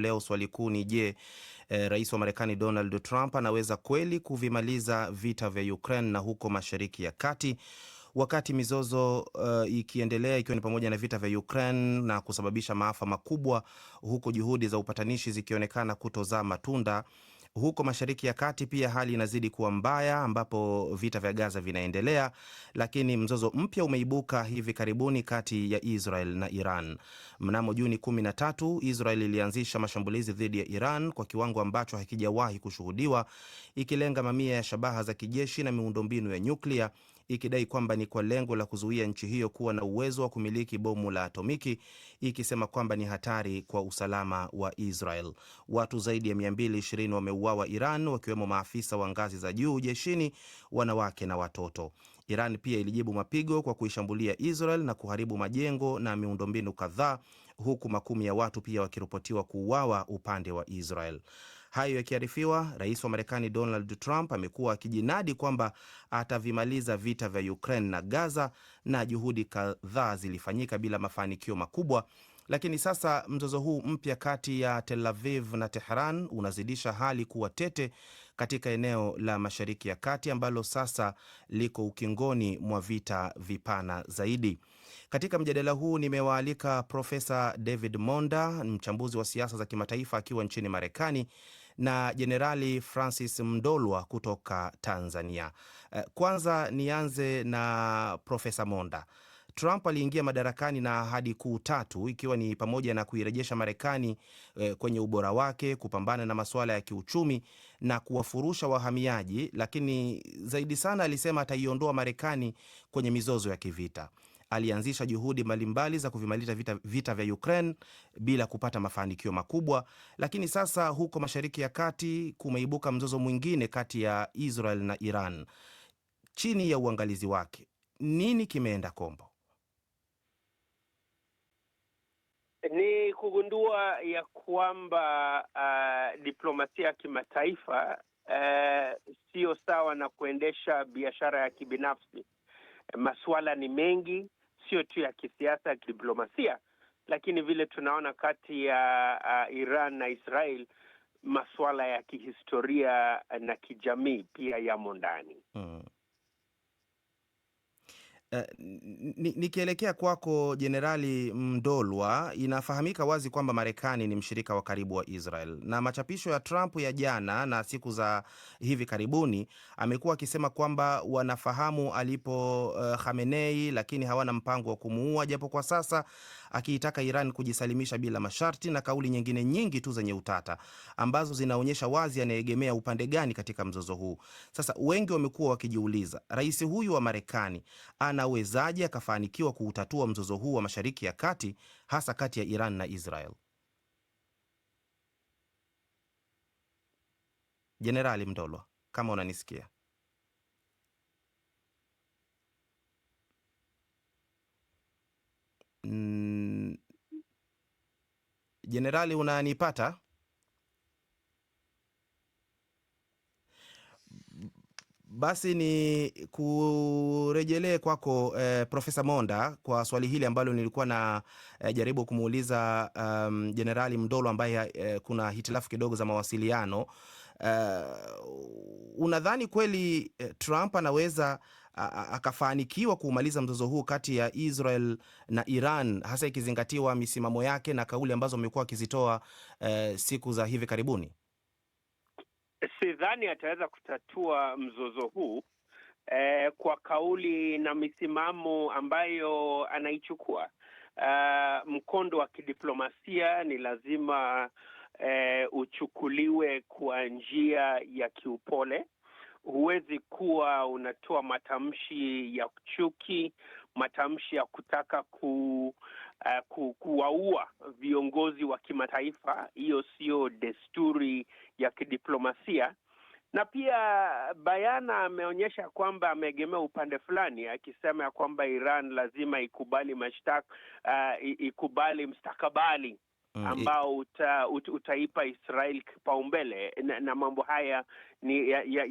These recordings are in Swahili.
Leo swali kuu ni je, eh, rais wa Marekani Donald Trump anaweza kweli kuvimaliza vita vya Ukraine na huko Mashariki ya Kati wakati mizozo uh, ikiendelea ikiwa ni pamoja na vita vya Ukraine na kusababisha maafa makubwa huku juhudi za upatanishi zikionekana kutozaa matunda. Huko Mashariki ya Kati pia hali inazidi kuwa mbaya, ambapo vita vya Gaza vinaendelea, lakini mzozo mpya umeibuka hivi karibuni kati ya Israel na Iran. Mnamo Juni 13 Israel ilianzisha mashambulizi dhidi ya Iran kwa kiwango ambacho hakijawahi kushuhudiwa, ikilenga mamia ya shabaha za kijeshi na miundombinu ya nyuklia ikidai kwamba ni kwa lengo la kuzuia nchi hiyo kuwa na uwezo wa kumiliki bomu la atomiki, ikisema kwamba ni hatari kwa usalama wa Israel. Watu zaidi ya 220 wameuawa Iran, wakiwemo maafisa wa ngazi za juu jeshini, wanawake na watoto. Iran pia ilijibu mapigo kwa kuishambulia Israel na kuharibu majengo na miundombinu kadhaa, huku makumi ya watu pia wakiripotiwa kuuawa upande wa Israel. Hayo yakiarifiwa, rais wa Marekani Donald Trump amekuwa akijinadi kwamba atavimaliza vita vya Ukraine na Gaza, na juhudi kadhaa zilifanyika bila mafanikio makubwa. Lakini sasa mzozo huu mpya kati ya Tel Aviv na Tehran unazidisha hali kuwa tete katika eneo la Mashariki ya Kati ambalo sasa liko ukingoni mwa vita vipana zaidi. Katika mjadala huu nimewaalika Profesa David Monda, mchambuzi wa siasa za kimataifa akiwa nchini Marekani, na Jenerali Francis Mdolwa kutoka Tanzania. Eh, kwanza nianze na Profesa Monda. Trump aliingia madarakani na ahadi kuu tatu ikiwa ni pamoja na kuirejesha Marekani e, kwenye ubora wake, kupambana na masuala ya kiuchumi na kuwafurusha wahamiaji, lakini zaidi sana alisema ataiondoa Marekani kwenye mizozo ya kivita alianzisha juhudi mbalimbali za kuvimaliza vita, vita vya Ukraine bila kupata mafanikio makubwa, lakini sasa huko Mashariki ya Kati kumeibuka mzozo mwingine kati ya Israel na Iran. Chini ya uangalizi wake, nini kimeenda kombo? Ni kugundua ya kwamba uh, diplomasia ya kimataifa uh, siyo sawa na kuendesha biashara ya kibinafsi. Masuala ni mengi sio tu ya kisiasa, ya kidiplomasia, lakini vile tunaona kati ya uh, Iran na Israel masuala ya kihistoria na kijamii pia yamo ndani. mm. Eh, ni- Nikielekea kwako Jenerali Mdolwa, inafahamika wazi kwamba Marekani ni mshirika wa karibu wa Israel, na machapisho ya Trump ya jana na siku za hivi karibuni amekuwa akisema kwamba wanafahamu alipo uh, Khamenei, lakini hawana mpango wa kumuua, japo kwa sasa akiitaka Iran kujisalimisha bila masharti na kauli nyingine nyingi tu zenye utata ambazo zinaonyesha wazi anaegemea upande gani katika mzozo huu. Sasa wengi wamekuwa wakijiuliza, rais huyu wa Marekani anawezaje akafanikiwa kuutatua mzozo huu wa Mashariki ya Kati, hasa kati ya Iran na Israel? Jenerali Mdolwa, kama unanisikia mm. Jenerali, unanipata? Basi ni kurejelee kwako eh, Profesa Monda kwa swali hili ambalo nilikuwa na eh, jaribu kumuuliza um, Jenerali Mdolo ambaye eh, kuna hitilafu kidogo za mawasiliano. Uh, unadhani kweli eh, Trump anaweza akafanikiwa kuumaliza mzozo huu kati ya Israel na Iran, hasa ikizingatiwa misimamo yake na kauli ambazo amekuwa akizitoa eh, siku za hivi karibuni? Sidhani ataweza kutatua mzozo huu eh, kwa kauli na misimamo ambayo anaichukua. Uh, mkondo wa kidiplomasia ni lazima eh, uchukuliwe kwa njia ya kiupole huwezi kuwa unatoa matamshi ya chuki, matamshi ya kutaka ku, uh, ku, kuwaua viongozi wa kimataifa. Hiyo sio desturi ya kidiplomasia na pia bayana ameonyesha kwamba ameegemea upande fulani, akisema ya kwamba Iran lazima ikubali mashtaka, uh, ikubali mstakabali Mm, ambao uta, ut, utaipa Israel kipaumbele na, na mambo haya ni ya, ya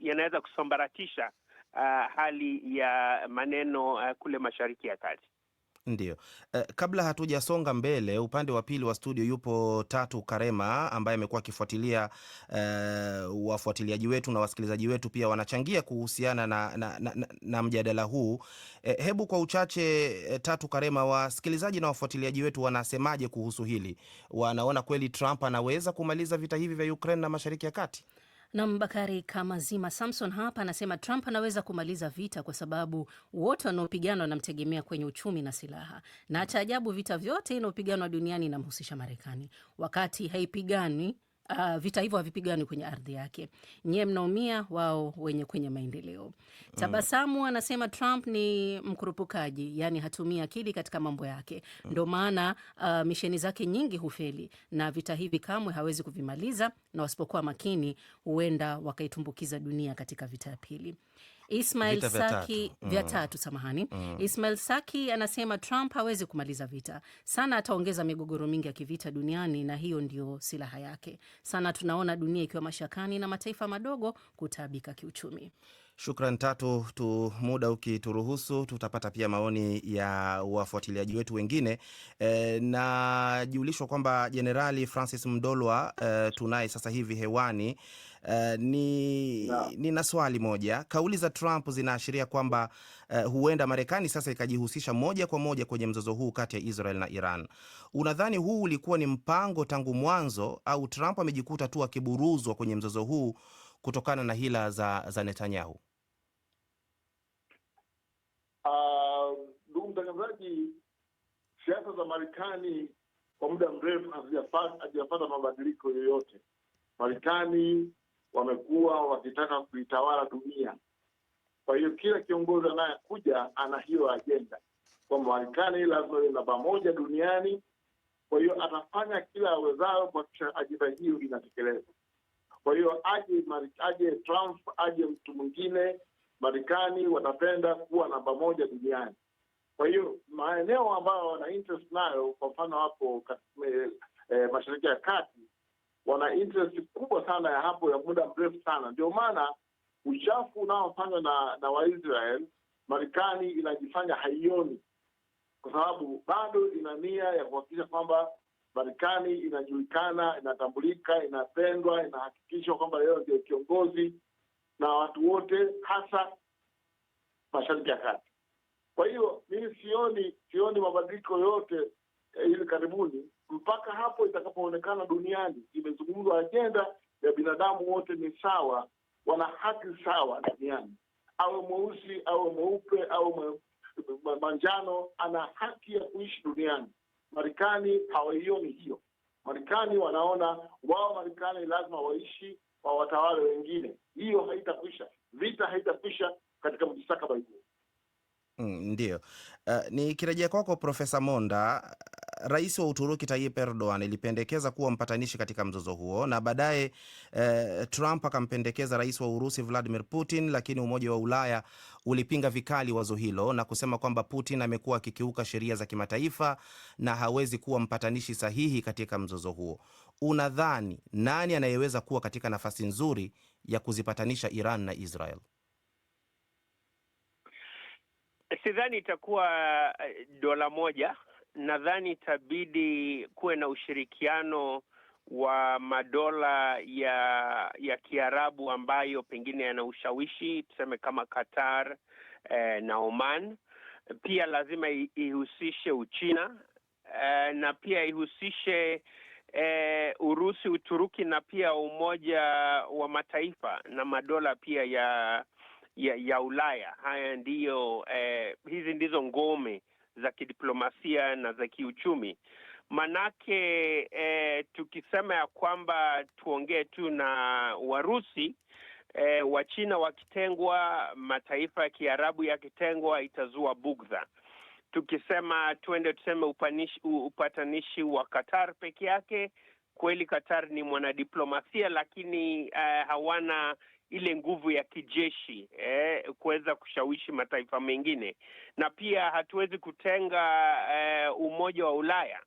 yanaweza kusambaratisha uh, hali ya maneno uh, kule Mashariki ya Kati ndio Eh, kabla hatujasonga mbele, upande wa pili wa studio yupo Tatu Karema ambaye amekuwa akifuatilia eh, wafuatiliaji wetu na wasikilizaji wetu pia wanachangia kuhusiana na, na, na, na, na mjadala huu eh, hebu kwa uchache eh, Tatu Karema, wasikilizaji na wafuatiliaji wetu wanasemaje kuhusu hili? Wanaona kweli Trump anaweza kumaliza vita hivi vya Ukraine na Mashariki ya Kati? Nam Bakari Kamazima Samson hapa anasema Trump anaweza kumaliza vita kwa sababu wote wanaopigana wanamtegemea kwenye uchumi na silaha, na cha ajabu vita vyote inaopiganwa duniani inamhusisha Marekani wakati haipigani Uh, vita hivyo havipigani kwenye ardhi yake, nyie mnaumia, wao wenye kwenye maendeleo. Tabasamu anasema Trump ni mkurupukaji, yani hatumii akili katika mambo yake, ndo maana uh, misheni zake nyingi hufeli, na vita hivi kamwe hawezi kuvimaliza, na wasipokuwa makini, huenda wakaitumbukiza dunia katika vita ya pili. Ismail Saki mm. vya tatu, mm. samahani. mm. Ismail Saki anasema Trump hawezi kumaliza vita sana, ataongeza migogoro mingi ya kivita duniani, na hiyo ndio silaha yake sana tunaona dunia ikiwa mashakani na mataifa madogo kutaabika kiuchumi. Shukran tatu tu, muda ukituruhusu tutapata pia maoni ya wafuatiliaji wetu wengine e, najulishwa kwamba Jenerali Francis Mdolwa e, tunaye sasa hivi hewani e, ni no. nina swali moja. Kauli za Trump zinaashiria kwamba e, huenda Marekani sasa ikajihusisha moja kwa moja kwenye mzozo huu kati ya Israel na Iran. Unadhani huu ulikuwa ni mpango tangu mwanzo au Trump amejikuta tu akiburuzwa kwenye mzozo huu kutokana na hila za, za Netanyahu? Ah, ndugu uh, mtangazaji, siasa za Marekani kwa muda mrefu hazijapata mabadiliko yoyote. Marekani wamekuwa wakitaka kuitawala dunia. Kwa hiyo kila kiongozi anayekuja ana hiyo ajenda kwamba Marekani lazima iwe namba moja duniani. Kwa hiyo atafanya kila awezayo kuhakikisha ajenda hiyo inatekelezwa. Kwa hiyo aje aje Trump aje mtu mwingine, Marekani watapenda kuwa namba moja duniani. Kwa hiyo maeneo ambayo wana interest nayo, kwa mfano hapo e, mashariki ya kati wana interest kubwa sana ya hapo ya muda mrefu sana. Ndio maana uchafu unaofanywa na na Waisrael, Marekani inajifanya haioni, kwa sababu bado ina nia ya kuhakikisha kwamba Marekani inajulikana, inatambulika, inapendwa, inahakikishwa kwamba leo ndio kiongozi na watu wote, hasa mashariki ya kati. Kwa hiyo mimi sioni sioni mabadiliko yote eh, hivi karibuni mpaka hapo itakapoonekana duniani imezungumzwa ajenda ya binadamu wote ni sawa, wana haki sawa duniani, awe mweusi awe mweupe awe manjano, ana haki ya kuishi duniani. Marekani hawaioni hiyo. Marekani wanaona wao, Marekani lazima waishi kwa watawala wengine. Hiyo haitakwisha, vita haitakwisha katika mustakabali huo. Mm, ndiyo. Uh, eh, nikirejea kwako Profesa Monda rais wa Uturuki Tayyip Erdogan ilipendekeza kuwa mpatanishi katika mzozo huo, na baadaye eh, Trump akampendekeza rais wa Urusi Vladimir Putin, lakini Umoja wa Ulaya ulipinga vikali wazo hilo na kusema kwamba Putin amekuwa akikiuka sheria za kimataifa na hawezi kuwa mpatanishi sahihi katika mzozo huo. Unadhani nani anayeweza kuwa katika nafasi nzuri ya kuzipatanisha Iran na Israel? Sidhani itakuwa eh, dola moja nadhani itabidi kuwe na ushirikiano wa madola ya ya Kiarabu ambayo pengine yana ushawishi, tuseme kama Qatar eh, na Oman. Pia lazima ihusishe Uchina eh, na pia ihusishe eh, Urusi, Uturuki na pia Umoja wa Mataifa na madola pia ya ya, ya Ulaya. Haya ndiyo eh, hizi ndizo ngome za kidiplomasia na za kiuchumi. Manake eh, tukisema ya kwamba tuongee tu na Warusi eh, Wachina wakitengwa, mataifa ya Kiarabu yakitengwa, itazua bugdha. Tukisema tuende tuseme upanishi, upatanishi wa Qatar peke yake, kweli Qatar ni mwanadiplomasia lakini eh, hawana ile nguvu ya kijeshi eh, kuweza kushawishi mataifa mengine, na pia hatuwezi kutenga eh, umoja wa Ulaya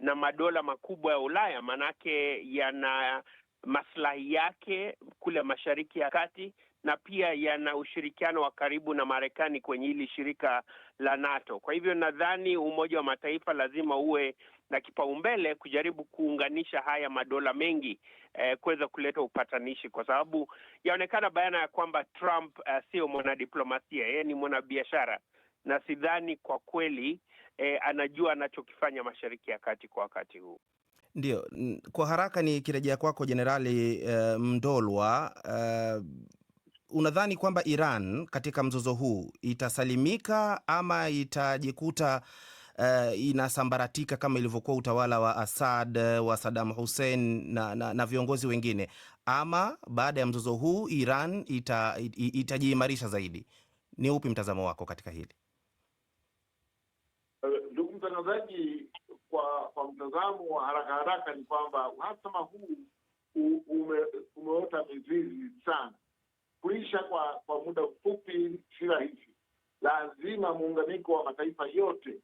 na madola makubwa ya Ulaya, maanake yana maslahi yake kule Mashariki ya Kati na pia yana ushirikiano wa karibu na Marekani kwenye hili shirika la NATO. Kwa hivyo nadhani Umoja wa Mataifa lazima uwe na kipaumbele kujaribu kuunganisha haya madola mengi eh, kuweza kuleta upatanishi, kwa sababu yaonekana bayana ya kwamba Trump eh, sio mwanadiplomasia, yeye ni mwanabiashara, na sidhani kwa kweli eh, anajua anachokifanya Mashariki ya Kati kwa wakati huu. Ndio, kwa haraka ni kirejea kwako Jenerali eh, Mdolwa eh, unadhani kwamba Iran katika mzozo huu itasalimika ama itajikuta uh, inasambaratika kama ilivyokuwa utawala wa Assad eh, wa Saddam Hussein na, na, na viongozi wengine, ama baada ya mzozo huu Iran ita, it, itajiimarisha zaidi? Ni upi mtazamo wako katika hili eh, ndugu mtangazaji? Kwa, kwa mtazamo wa haraka haraka ni kwamba uhasama huu ume, umeota mizizi sana kuisha kwa, kwa muda mfupi si rahisi. Lazima muunganiko wa mataifa yote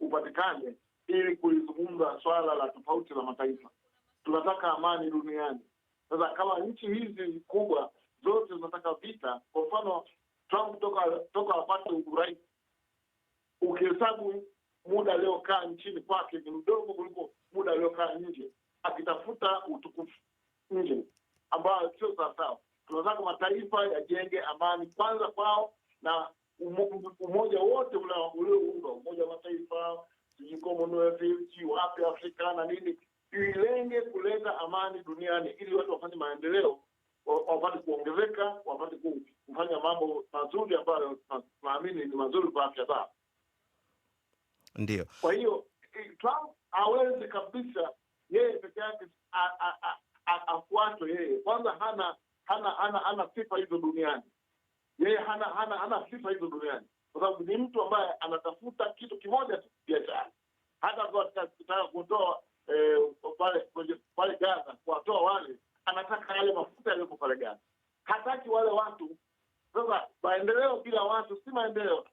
upatikane ili kulizungumza swala la tofauti za mataifa. Tunataka amani duniani. Sasa kama nchi hizi kubwa zote zinataka vita, kwa mfano Trump toka toka apate urais, ukihesabu muda aliokaa nchini kwake ni mdogo kuliko muda aliokaa nje akitafuta utukufu nje, ambayo sio sawasawa. Tunataka mataifa yajenge amani kwanza kwao na umoja wote ulioundwa, Umoja wa Mataifa, sijui Commonwealth, sijui wapi Afrika na nini, ilenge kuleta amani duniani ili watu wafanye maendeleo, wapate kuongezeka, wapate kufanya mambo mazuri ambayo tunaamini ni mazuri kwa afya zao. Ndio, kwa hiyo Trump hawezi kabisa yeye peke yake afuatwe yeye, kwanza hana hana hana hana sifa hizo duniani. Yeye hana hana hana sifa hizo duniani, kwa sababu ni mtu ambaye anatafuta kitu kimoja tu, biashara. Hata akitaka kutoa eh, pale Gaza, kuwatoa wale, anataka yale mafuta yaliyoko pale Gaza, hataki wale watu. Sasa maendeleo bila watu si maendeleo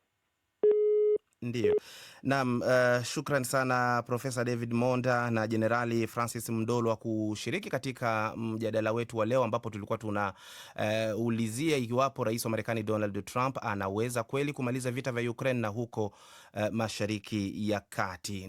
ndio nam uh, eh, shukran sana Profesa David Monda na Jenerali Francis Mdolwa kushiriki katika mjadala wetu wa leo ambapo tulikuwa tunaulizia eh, uh, iwapo Rais wa Marekani Donald Trump anaweza kweli kumaliza vita vya Ukraine na huko uh, Mashariki ya Kati.